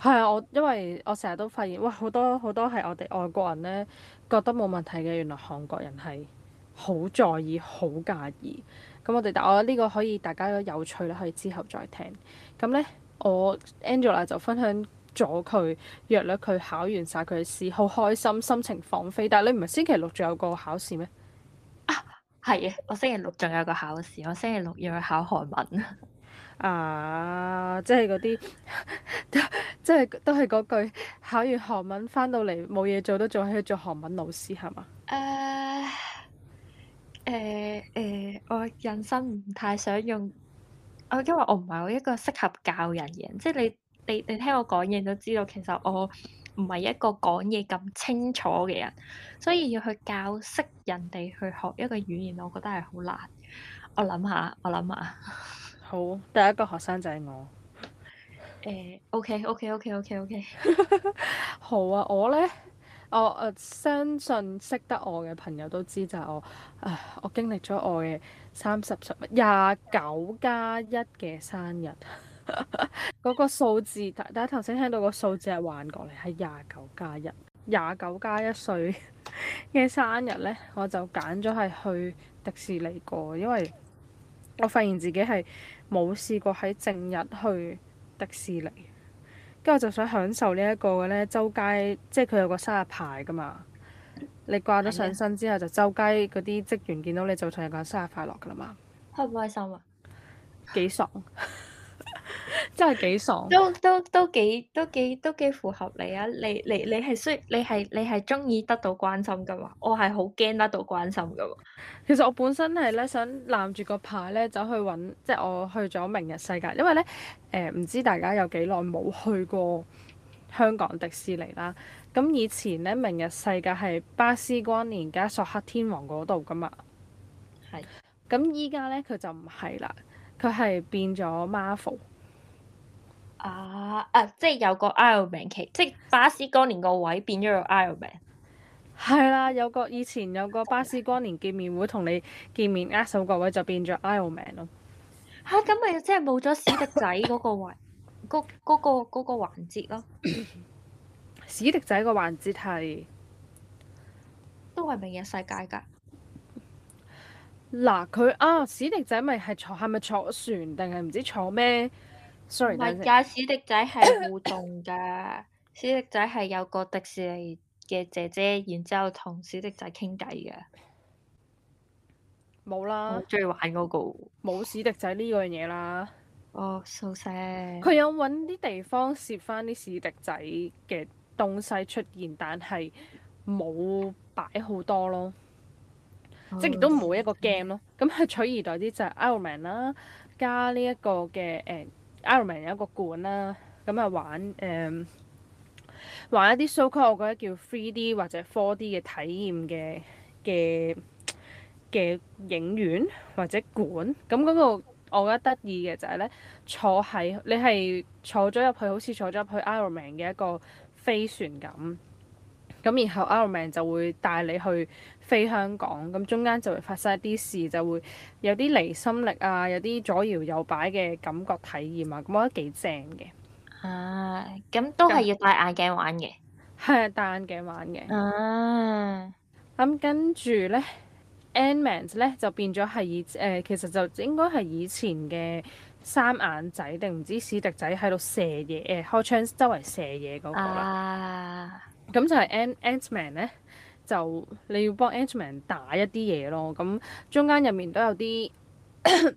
係啊，我因為我成日都發現，哇，好多好多係我哋外國人呢覺得冇問題嘅，原來韓國人係好在意、好介意。咁我哋但係我呢、這個可以大家有趣咧，可以之後再聽。咁呢，我 Angela 就分享咗佢，約咗佢考完晒，佢嘅試，好開心，心情放飛。但係你唔係星期六仲有個考試咩？啊，係嘅，我星期六仲有個考試，我星期六要去考韓文。啊，即係嗰啲，即係都係嗰句，考完韓文翻到嚟冇嘢做，都仲係去做韓文老師係嘛？誒誒誒，uh, uh, uh, 我人生唔太想用，我、哦、因為我唔係好一個適合教人嘅，即係你。你你聽我講嘢都知道，其實我唔係一個講嘢咁清楚嘅人，所以要去教識人哋去學一個語言，我覺得係好難。我諗下，我諗下。好，第一個學生就係我。誒，OK，OK，OK，OK，OK。好啊，我呢，我誒、uh, 相信識得我嘅朋友都知就係我，啊、uh, 我經歷咗我嘅三十十廿九加一嘅生日。嗰 個數字，大家頭先聽到個數字係幻覺嚟，係廿九加一，廿九加一歲嘅生日呢，我就揀咗係去迪士尼過，因為我發現自己係冇試過喺正日去迪士尼，跟住我就想享受呢一個嘅呢週街即係佢有個生日牌噶嘛，你掛咗上身之後的就週街嗰啲職員見到你就同你講生日快樂噶啦嘛，開唔開心啊？幾多爽！ 真係幾爽都，都都都幾都幾都幾符合你啊！你你你係需你係你係中意得到關心噶嘛？我係好驚得到關心噶。其實我本身係咧想攬住個牌咧走去搵，即係我去咗明日世界，因為咧誒唔知大家有幾耐冇去過香港迪士尼啦。咁以前咧，明日世界係巴斯光年加索克天王嗰度噶嘛？係。咁依家咧，佢就唔係啦，佢係變咗 Marvel。Ah, 啊！誒，即係有個 Iron Man 旗，即係巴斯光年個位變咗個 Iron Man。係啦、啊，有個以前有個巴斯光年見面會，同你見面握手嗰位就變咗 Iron Man 咯。吓、啊，咁咪即係冇咗史迪仔嗰個環，嗰嗰、 嗰個嗰、嗰個嗰個環節咯。史迪仔個環節係都係明日世界㗎。嗱、啊，佢啊，史迪仔咪係坐係咪坐船定係唔知坐咩？Sorry，唔係㗎，史迪仔係互動㗎，史迪仔係有個迪士尼嘅姐姐，然之後同史迪仔傾偈嘅。冇啦，中意玩嗰、嗰個。冇史迪仔呢樣嘢啦。哦，蘇 s 佢、oh, so 有揾啲地方攝翻啲史迪仔嘅東西出現，但係冇擺好多咯。Oh, 即係都冇一個 game 咯。咁佢、嗯、取而代之就係 Iron Man 啦，加呢一個嘅誒。欸 Iron Man 有一個館啦，咁啊玩誒、嗯、玩一啲 so called 我覺得叫 three D 或者 four D 嘅體驗嘅嘅嘅影院或者館，咁嗰個我覺得得意嘅就係咧，坐喺，你係坐咗入去，好似坐咗入去 Iron Man 嘅一個飛船咁，咁然後 Iron Man 就會帶你去。飛香港咁，中間就會發生一啲事，就會有啲離心力啊，有啲左搖右擺嘅感覺體驗啊，咁我覺得幾正嘅。唉、啊，咁都係要戴眼鏡玩嘅。係戴眼鏡玩嘅。啊，咁、嗯、跟住咧，Ant-Man 咧就變咗係以誒、呃，其實就應該係以前嘅三眼仔定唔知史迪仔喺度射嘢，開槍周圍射嘢嗰個啦。啊，咁就係 Ant Ant-Man 咧？Ant Man 就你要幫 Antman 打一啲嘢咯，咁中間入面都有啲，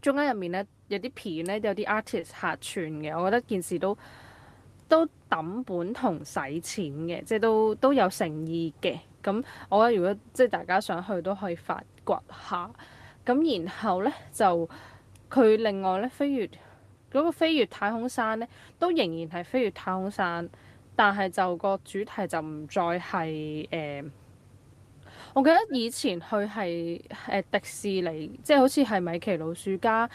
中間入面咧有啲片咧都有啲 artist 客串嘅，我覺得件事都都抌本同使錢嘅，即係都都有誠意嘅。咁我覺得如果即係大家想去都可以發掘下。咁然後咧就佢另外咧飛越嗰個飛越太空山咧，都仍然係飛越太空山。但係就個主題就唔再係誒，uh, 我記得以前佢係誒迪士尼，即係好似係米奇老鼠加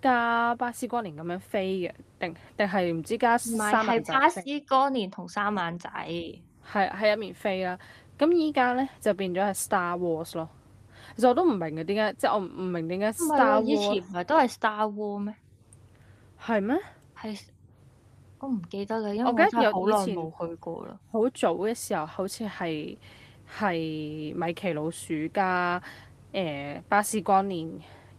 加巴斯光年咁樣飛嘅，定定係唔知加三眼仔，唔係，係巴斯光年同三眼仔。係喺一面飛啦。咁依家咧就變咗係 Star Wars 咯。其實我都唔明嘅點解，即係我唔明點解 Star Wars？唔係，以前唔係都係 Star Wars 咩？係咩嗎？係。我唔記得啦，因為我記得有好冇去過啦，以前好早嘅時候，好似係係米奇老鼠加誒、呃、巴斯光年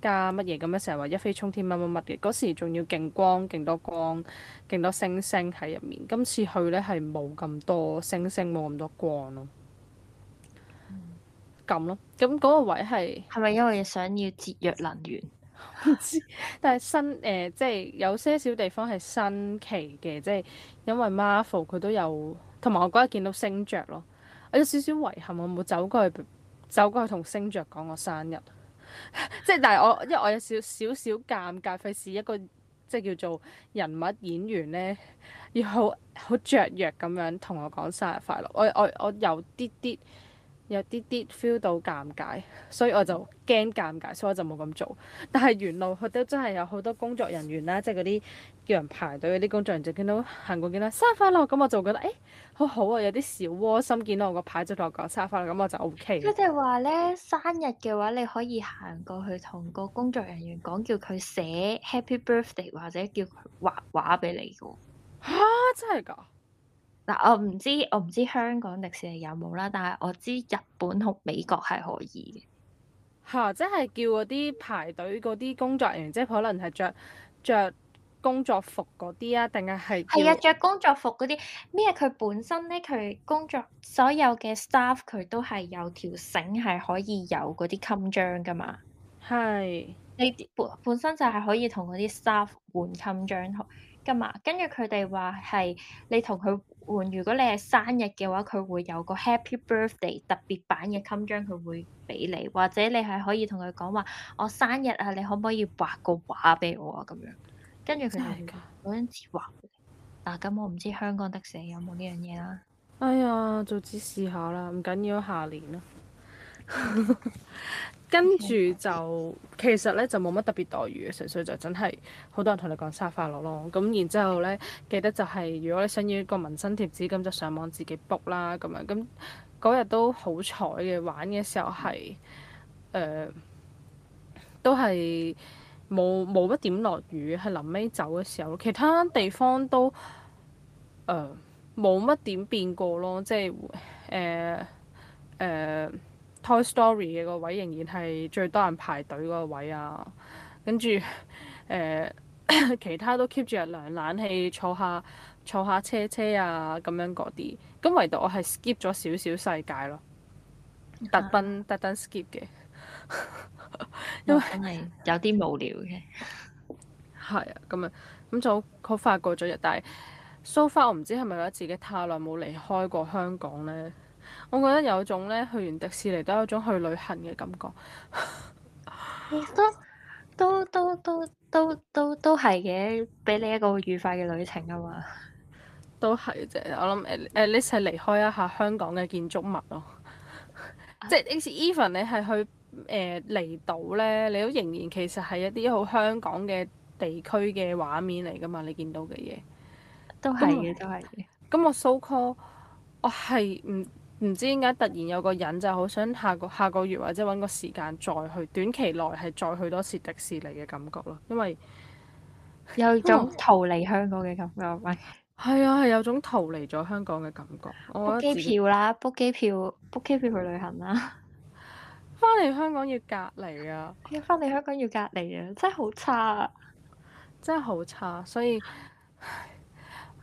加乜嘢咁樣，成日話一飛沖天乜乜乜嘅。嗰時仲要勁光勁多光，勁多星星喺入面。今次去咧係冇咁多星星，冇咁多光咯。咁咯、嗯，咁嗰個位係係咪因為想要節約能源？但係新誒、呃，即係有些少地方係新奇嘅，即係因為 Marvel 佢都有，同埋我嗰日見到星爵咯，我有少少遺憾我冇走過去，走過去同星爵講我生日， 即係但係我因為我有少少少尷尬，費事一個即係叫做人物演員呢，要好好雀躍咁樣同我講生日快樂，我我我有啲啲。有啲啲 feel 到尷尬，所以我就驚尷尬，所以我就冇咁做。但係沿路佢都真係有好多工作人員啦，即係嗰啲叫人排隊嗰啲工作人員，就見到行過見到沙發咯，咁、嗯、我就覺得誒、欸、好好啊，有啲小窩心。見到我個牌同我講沙發咯，咁、嗯、我就 O、OK、K。佢哋話咧，生日嘅話你可以行過去同個工作人員講，叫佢寫 Happy Birthday 或者叫佢畫畫俾你嘅。嚇真係㗎？嗱，我唔知我唔知香港迪士尼有冇啦，但係我知日本同美國係可以嘅。嚇、啊，即係叫嗰啲排隊嗰啲工作人員，即係可能係着着工作服嗰啲啊，定係係係啊，着工作服嗰啲咩？佢本身咧，佢工作所有嘅 staff 佢都係有條繩係可以有嗰啲襟章噶嘛。係是你本身就係可以同嗰啲 staff 換襟章噶嘛。跟住佢哋話係你同佢。如果你係生日嘅話，佢會有個 Happy Birthday 特別版嘅襟章，佢會俾你。或者你係可以同佢講話，我生日啊，你可唔可以畫個畫俾我、就是、畫啊？咁樣跟住佢係嗰陣時畫。嗱，咁我唔知香港的士有冇呢樣嘢啦。哎呀，早知試下啦，唔緊要，下年啦。 跟住就其實咧就冇乜特別待遇，純粹就真係好多人同你講沙發落咯。咁然之後咧，記得就係、係、如果你想要一個紋身貼紙，咁就上網自己 book 啦。咁樣咁嗰日都好彩嘅，玩嘅時候係誒、呃、都係冇冇乜點落雨，係臨尾走嘅時候，其他地方都誒冇乜點變過咯。即係誒誒。呃呃 Toy Story 嘅個位仍然係最多人排隊嗰個位啊，跟住誒其他都 keep 住日涼冷氣坐下坐下車車啊咁樣嗰啲，咁唯獨我係 skip 咗少少世界咯，啊、特登特登 skip 嘅， 因為有啲無聊嘅，係 啊咁啊咁就好好快過咗日，但係 so far 我唔知係咪覺得自己太耐冇離開過香港咧。我覺得有一種咧，去完迪士尼都有一種去旅行嘅感覺， 都都都都都都都係嘅，俾你一個愉快嘅旅程啊嘛。都係啫，我諗誒誒，你係離開一下香港嘅建築物咯， 即係 even 你係去誒、呃、離島咧，你都仍然其實係一啲好香港嘅地區嘅畫面嚟噶嘛？你見到嘅嘢都係嘅，我都係嘅。咁我，我 so call 我係唔～唔知點解突然有個人就好想下個下個月或者揾個時間再去，短期內係再去多次迪士尼嘅感覺咯，因為、啊、有種逃離香港嘅感覺。喂，係啊，係有種逃離咗香港嘅感覺。book 機票啦，book 機票，book 機票去旅行啦。翻嚟香港要隔離啊！要翻嚟香港要隔離啊！真係好差，啊，真係好差。所以，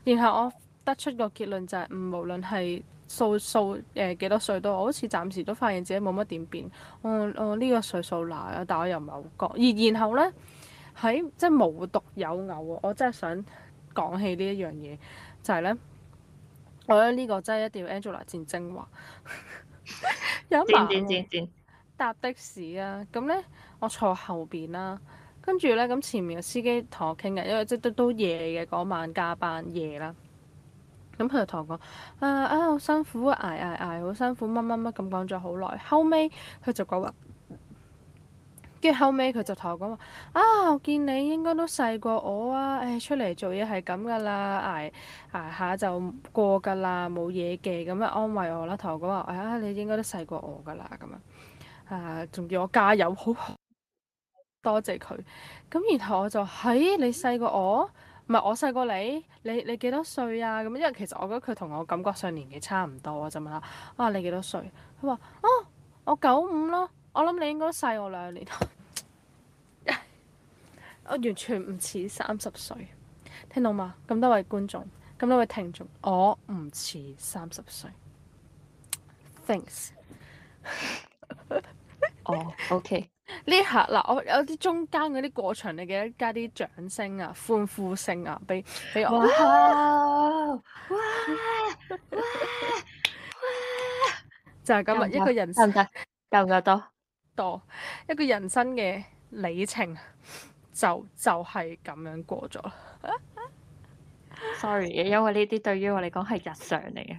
然後我得出個結論就係，嗯，無論係。數數誒、呃、幾多歲都，我好似暫時都發現自己冇乜點變。我我呢個歲數乸，但我又唔係好覺。而然後咧，喺即係無獨有偶喎，我真係想講起呢一樣嘢，就係、是、咧，我覺得呢個真係一定要 Angela 戰精華。有一晚點點點點搭的士啊！咁咧我坐後邊啦、啊，跟住咧咁前面嘅司機同我傾嘅，因為即都都夜嘅嗰、那個、晚加班夜啦。咁佢就同我講：啊啊，好辛苦，捱捱捱，好辛苦，乜乜乜，咁講咗好耐。後尾，佢就講話，後後跟住後尾，佢就同我講話：啊，我見你應該都細過我啊，誒、哎，出嚟做嘢係咁㗎啦，捱捱下就過㗎啦，冇嘢嘅，咁樣安慰我啦。同我講話：啊、哎，你應該都細過我㗎啦，咁樣啊，仲叫我加油，好好，多謝佢。咁然後我就喺你細過我。唔係我細過你，你你幾多歲啊？咁因為其實我覺得佢同我感覺上年紀差唔多，我就問下：「啊，你幾多歲？佢話哦，我九五咯。我諗你應該都細我兩年。 我完全唔似三十歲，聽到嘛？咁多位觀眾，咁多位聽眾，我唔似三十歲。Thanks。哦、 oh，OK。呢下嗱，我有啲中間嗰啲過程，你記得加啲掌聲啊、歡呼聲啊，俾俾我哇 哇。哇！哇 就係今日一個人夠唔夠？夠唔夠多？多一個人生嘅里程，就就係、是、咁樣過咗。 Sorry，因為呢啲對於我嚟講係日常嚟嘅。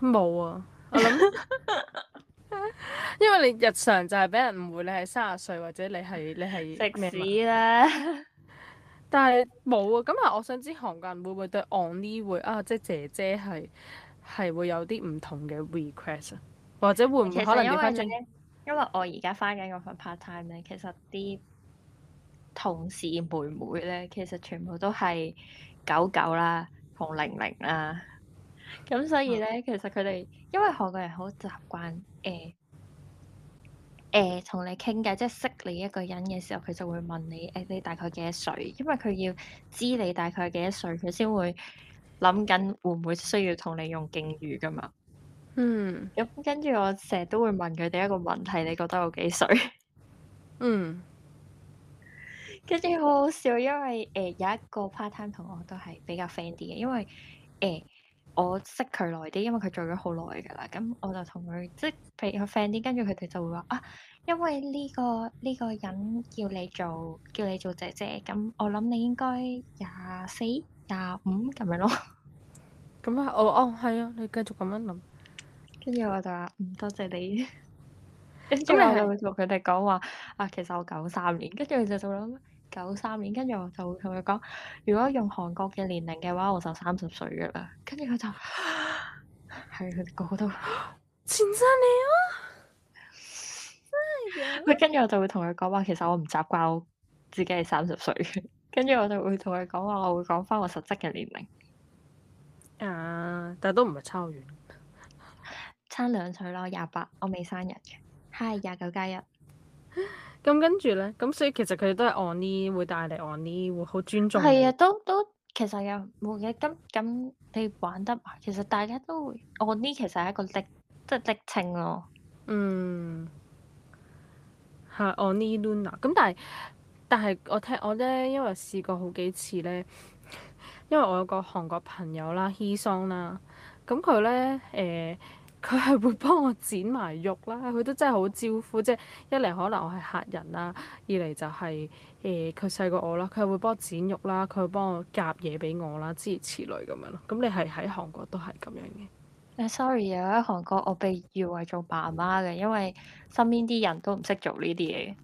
冇啊，我諗。 因為你日常就係俾人誤會你係三十歲或者你係你係食屎啦！ 但係冇啊，咁啊，我想知韓國人會唔會對 Onnie 會啊，即係姐姐係係會有啲唔同嘅 request 啊，或者會唔會可能要翻正？因為，因為我而家翻緊個份 part time 咧，其實啲同事妹妹咧，其實全部都係九九啦，同零零啦。咁所以咧，其實佢哋因為韓國人好習慣誒誒同你傾偈，即係識你一個人嘅時候，佢就會問你誒、呃、你大概幾多歲？因為佢要知你大概幾多歲，佢先會諗緊會唔會需要同你用敬語㗎嘛。嗯。咁、嗯、跟住我成日都會問佢哋一個問題，你覺得我幾歲？嗯。跟住好好笑，因為誒、呃、有一個 part time 同學都係比較 friend 啲嘅，因為誒、呃我識佢耐啲，因為佢做咗好耐㗎啦。咁我就同佢即係譬如佢 friend 啲，跟住佢哋就會話啊，因為呢個呢個人叫你做叫你做姐姐，咁我諗你應該廿四廿五咁樣咯。咁啊，我哦係啊，你繼續咁樣諗。跟住我就話唔多謝你。跟住我就會同佢哋講話啊，其實我九三年，跟住佢就就諗。九三年，跟住我就會同佢講，如果用韓國嘅年齡嘅話，我就三十歲噶啦。跟住佢就係佢個個都前三年啊，跟住我就會同佢講話，其實我唔習慣我自己係三十歲。跟住我就會同佢講話，我會講翻我實質嘅年齡。啊！但係都唔係差好遠，差兩歲咯。廿八，我未生日嘅，係廿九加一。咁跟住咧，咁所以其實佢哋都係 Onnie 會帶嚟，Onnie 會好尊重。係啊，都都其實又冇嘢咁，咁你玩得埋，其實大家都會 Onnie 其實係一個的即係職稱咯。嗯，係 Onnie Luna。咁 Luna 但係但係我聽我咧，因為試過好幾次咧，因為我有個韓國朋友啦，He Song 啦，咁佢咧誒。呃佢係會幫我剪埋肉啦，佢都真係好招呼，即係一嚟可能我係客人啦，二嚟就係誒佢細過我啦，佢係會幫我剪肉啦，佢、就是呃、幫，幫我夾嘢俾我啦，諸如此類咁樣咯。咁你係喺韓國都係咁樣嘅？誒，sorry，喺韓國我被譽為做爸媽嘅，因為身邊啲人都唔識做呢啲嘢嘅，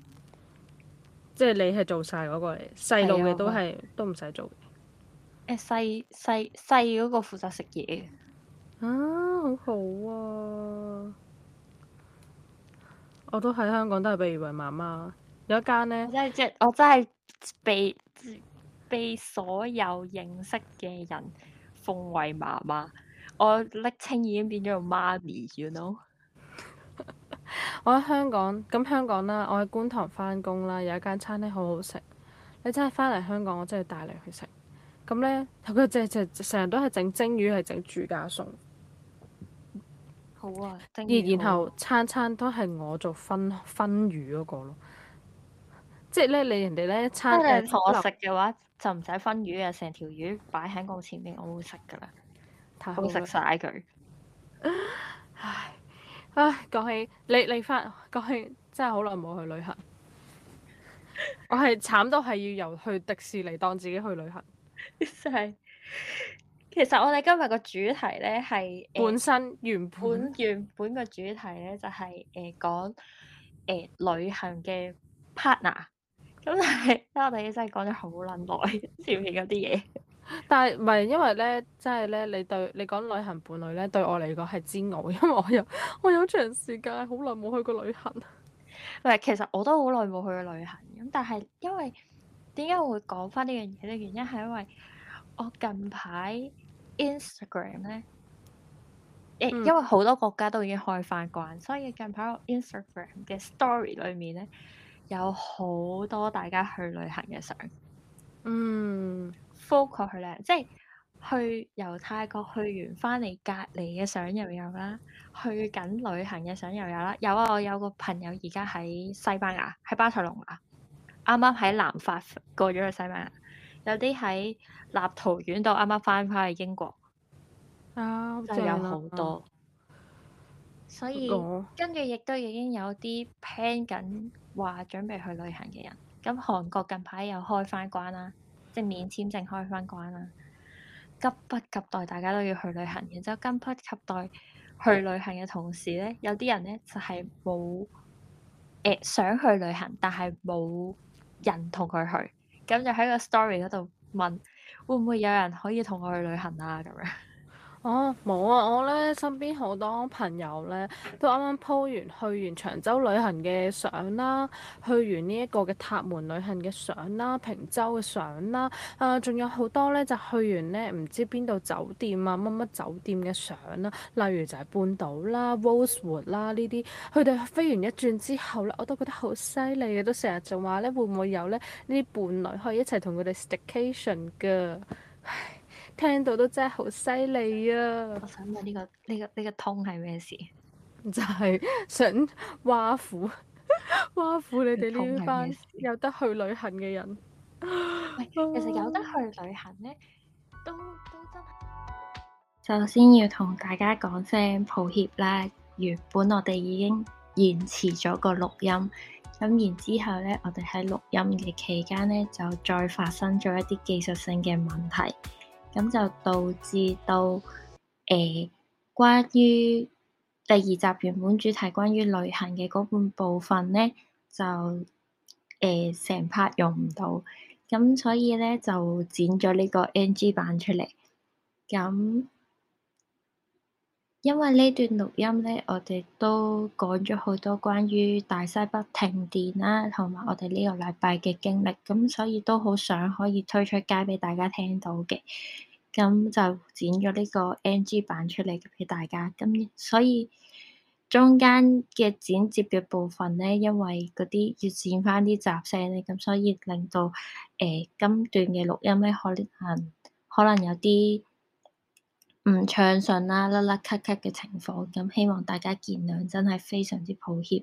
即係你係做晒嗰、嗰個，細路嘅都係、啊、都唔使做。誒、欸，細細細嗰個負責食嘢。啊，好好啊！我都喺香港都係被譽為媽媽。有一間咧，真係即是我真係被被所有認識嘅人奉為媽媽。我昵稱已經變咗做媽咪，you know？ 我喺香港，咁香港啦，我喺觀塘翻工啦，有一間餐廳好好食。你真係翻嚟香港，我真係帶你去食。咁咧，佢即即成日都係整蒸魚，係整住家餸，好啊，而然後餐餐都係我做分分魚嗰個咯，即係咧你人哋咧餐誒，是呃、我食嘅話就唔使分魚啊，成條魚擺喺我前面，我會食噶啦，太好食晒佢。唉， 唉，講起你你翻講起真係好耐冇去旅行，我係慘到係要由去迪士尼當自己去旅行，真係。其實我哋今日個主題咧係本身原本，嗯、原本個主題咧就係，是、誒、嗯、講，誒、呃、旅行嘅 partner，咁但係咧我哋真係講咗好撚耐前面嗰啲嘢。但係唔係因為咧，真係咧，你對你講旅行伴侶咧對我嚟講係煎熬，因為我又我有長時間好耐冇去過旅行。嗱，其實我都好耐冇去過旅行，咁但係因為點解我會講翻呢樣嘢咧？原因係因為我近排。Instagram 咧，誒、欸，嗯、因為好多國家都已經開翻關，所以近排我 Instagram 嘅 story 裏面咧，有好多大家去旅行嘅相。嗯，focus 去旅行，即係去遊泰國，去完翻嚟隔離嘅相又有啦，去緊旅行嘅相又有啦。有啊，我有個朋友而家喺西班牙，喺巴塞隆拿，啱啱喺南法過咗去西班牙。有啲喺立陶宛度，啱啱翻返去英國，啊啊、就有好多。所以我跟住亦都已經有啲 plan 緊話準備去旅行嘅人。咁韓國近排又開翻關啦，即係免簽證開翻關啦，急不及待大家都要去旅行。然之後急不及待去旅行嘅同時咧，嗯、有啲人咧就係冇誒想去旅行，但係冇人同佢去。咁就喺個 story 嗰度問會唔會有人可以同我去旅行啊？咁樣。哦，冇啊！我咧身邊好多朋友咧，都啱啱鋪完去完長洲旅行嘅相啦，去完呢一個嘅塔門旅行嘅相啦，平洲嘅相啦，啊、呃，仲有好多咧就去完咧唔知邊度酒店啊，乜乜酒店嘅相啦，例如就係半島啦、Rosewood 啦呢啲，佢哋飛完一轉之後咧，我都覺得好犀利嘅，都成日就話咧會唔會有咧呢啲伴侶可以一齊同佢哋 staycation 嘅。唉。聽到都真係好犀利啊！我想問呢個呢個呢個通係咩事？就係想挖苦，挖苦你哋呢班有得去旅行嘅人。喂，其實有得去旅行呢，嗯、都得。都首先要同大家講聲抱歉啦，原本我哋已經延遲咗個錄音，咁然之後呢，我哋喺錄音嘅期間呢，就再發生咗一啲技術性嘅問題。咁就導致到誒、呃、關於第二集原本主題關於旅行嘅嗰半部分咧，就誒成 part 用唔到，咁所以咧就剪咗呢個 NG 版出嚟，咁。因為呢段錄音咧，我哋都講咗好多關於大西北停電啦、啊，同埋我哋呢個禮拜嘅經歷，咁所以都好想可以推出街畀大家聽到嘅，咁就剪咗呢個 NG 版出嚟畀大家，咁所以中間嘅剪接嘅部分咧，因為嗰啲要剪返啲雜聲咧，咁所以令到誒，今、呃、段嘅錄音咧可能可能有啲。唔暢順啦，甩甩咳咳嘅情況，咁希望大家見諒，真係非常之抱歉。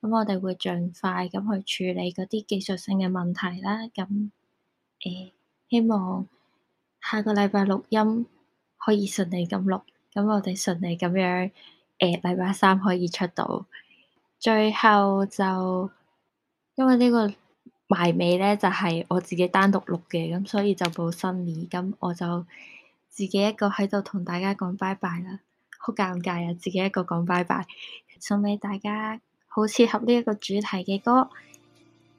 咁我哋會盡快咁去處理嗰啲技術性嘅問題啦。咁誒、欸，希望下個禮拜錄音可以順利咁錄，咁我哋順利咁樣誒禮拜三可以出到。最後就因為呢個埋尾咧，就係、是、我自己單獨錄嘅，咁所以就冇新意。咁我就。自己一個喺度同大家講拜拜啦，好尷尬啊！自己一個講拜拜，送俾大家好適合呢一個主題嘅歌，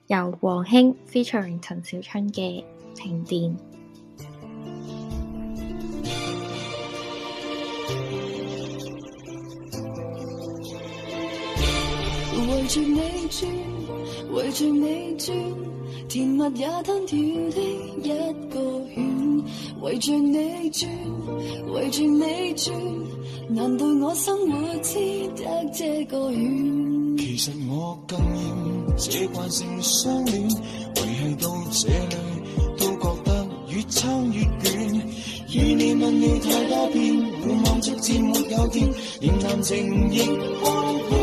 由黃馨 featuring 陳小春嘅《停電。》 圍住圍你轉，圍住你轉，難道我生活知得這個遠？其實我更厭這慣性相戀，維繫到這裏都覺得越撐越遠。與你問了太多遍，盼望逐漸沒有天，連難情亦荒。